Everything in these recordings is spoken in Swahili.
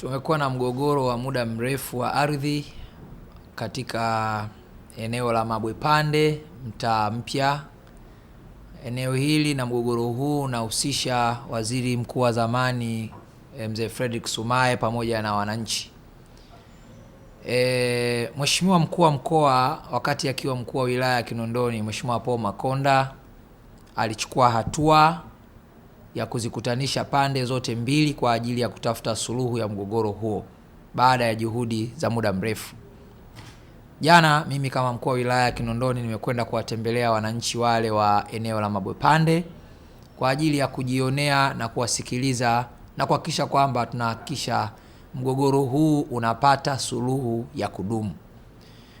Tumekuwa na mgogoro wa muda mrefu wa ardhi katika eneo la Mabwepande mtaa mpya. Eneo hili na mgogoro huu unahusisha waziri mkuu wa zamani eh, mzee Frederick Sumaye pamoja na wananchi. E, Mheshimiwa mkuu wa mkoa wakati akiwa mkuu wa wilaya ya Kinondoni Mheshimiwa Paul Makonda alichukua hatua ya kuzikutanisha pande zote mbili kwa ajili ya kutafuta suluhu ya mgogoro huo baada ya juhudi za muda mrefu. Jana mimi kama mkuu wa wilaya ya Kinondoni nimekwenda kuwatembelea wananchi wale wa eneo la Mabwepande kwa ajili ya kujionea na kuwasikiliza na kuhakikisha kwamba tunahakikisha mgogoro huu unapata suluhu ya kudumu.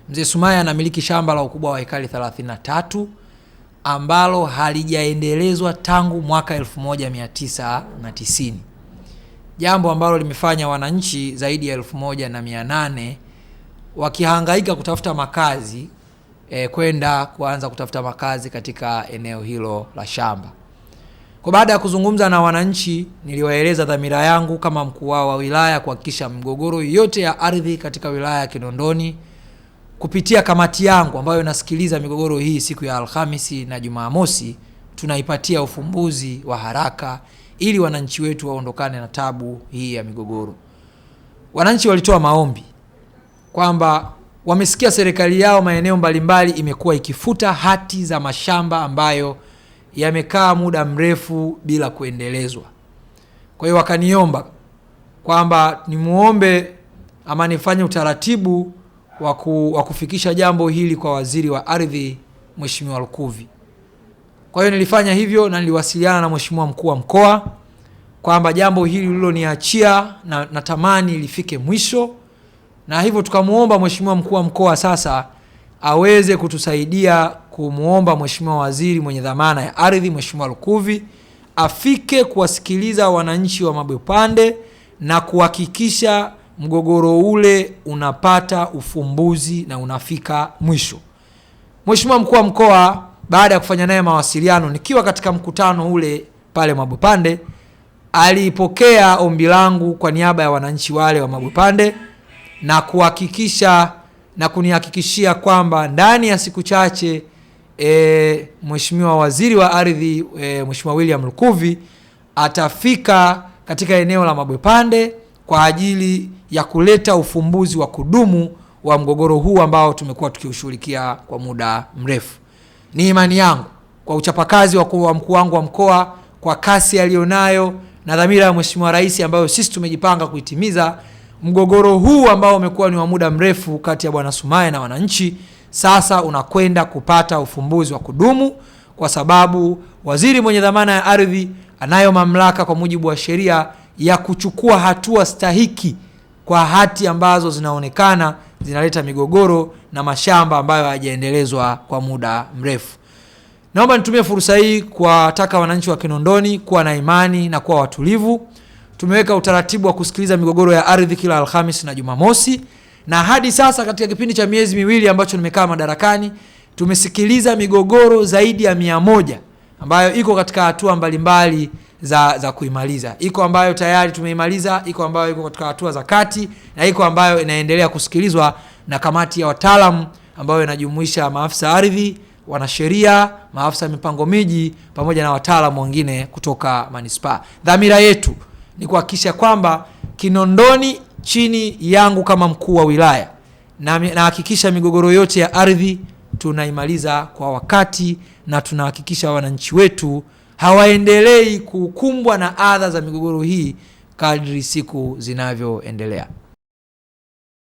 Mzee Sumaya anamiliki shamba la ukubwa wa hekari 33 ambalo halijaendelezwa tangu mwaka 1990 jambo ambalo limefanya wananchi zaidi ya elfu moja na mia nane wakihangaika kutafuta makazi e, kwenda kuanza kutafuta makazi katika eneo hilo la shamba. Kwa baada ya kuzungumza na wananchi, niliwaeleza dhamira yangu kama mkuu wao wa wilaya kuhakikisha migogoro yote ya ardhi katika wilaya ya Kinondoni kupitia kamati yangu ambayo inasikiliza migogoro hii siku ya Alhamisi na Jumamosi, tunaipatia ufumbuzi wa haraka ili wananchi wetu waondokane na tabu hii ya migogoro. Wananchi walitoa maombi kwamba wamesikia serikali yao maeneo mbalimbali imekuwa ikifuta hati za mashamba ambayo yamekaa muda mrefu bila kuendelezwa. Kwa hiyo wakaniomba kwamba nimuombe ama nifanye utaratibu wa kufikisha jambo hili kwa waziri wa ardhi Mheshimiwa Lukuvi. Kwa hiyo nilifanya hivyo na niliwasiliana na Mheshimiwa mkuu wa mkoa kwamba jambo hili liloniachia na natamani lifike mwisho, na hivyo tukamwomba Mheshimiwa mkuu wa mkoa sasa aweze kutusaidia kumwomba Mheshimiwa waziri mwenye dhamana ya ardhi Mheshimiwa Lukuvi afike kuwasikiliza wananchi wa Mabwepande na kuhakikisha mgogoro ule unapata ufumbuzi na unafika mwisho. Mheshimiwa mkuu wa mkoa, baada ya kufanya naye mawasiliano, nikiwa katika mkutano ule pale Mabwepande, aliipokea ombi langu kwa niaba ya wananchi wale wa Mabwepande na kuhakikisha na kunihakikishia kwamba ndani ya siku chache e, Mheshimiwa Waziri wa Ardhi e, Mheshimiwa William Lukuvi atafika katika eneo la Mabwepande kwa ajili ya kuleta ufumbuzi wa kudumu wa mgogoro huu ambao tumekuwa tukiushughulikia kwa muda mrefu. Ni imani yangu kwa uchapakazi wa mkuu wangu wa mkoa, kwa kasi aliyonayo na dhamira ya Mheshimiwa Rais ambayo sisi tumejipanga kuitimiza, mgogoro huu ambao umekuwa ni wa muda mrefu kati ya Bwana Sumaye na wananchi sasa unakwenda kupata ufumbuzi wa kudumu, kwa sababu waziri mwenye dhamana ya ardhi anayo mamlaka kwa mujibu wa sheria ya kuchukua hatua stahiki kwa hati ambazo zinaonekana zinaleta migogoro na mashamba ambayo hayajaendelezwa kwa muda mrefu. Naomba nitumie fursa hii kuwataka wananchi wa Kinondoni kuwa na imani na kuwa watulivu. Tumeweka utaratibu wa kusikiliza migogoro ya ardhi kila Alhamis na Jumamosi, na hadi sasa katika kipindi cha miezi miwili ambacho nimekaa madarakani tumesikiliza migogoro zaidi ya mia moja ambayo iko katika hatua mbalimbali za za kuimaliza. Iko ambayo tayari tumeimaliza, iko ambayo iko katika hatua za kati, na iko ambayo inaendelea kusikilizwa na kamati ya wataalamu ambayo inajumuisha maafisa ardhi, wanasheria, maafisa mipango miji pamoja na wataalamu wengine kutoka manispaa. Dhamira yetu ni kuhakikisha kwamba Kinondoni chini yangu kama mkuu wa wilaya nahakikisha na migogoro yote ya ardhi tunaimaliza kwa wakati na tunahakikisha wananchi wetu hawaendelei kukumbwa na adha za migogoro hii kadri siku zinavyoendelea.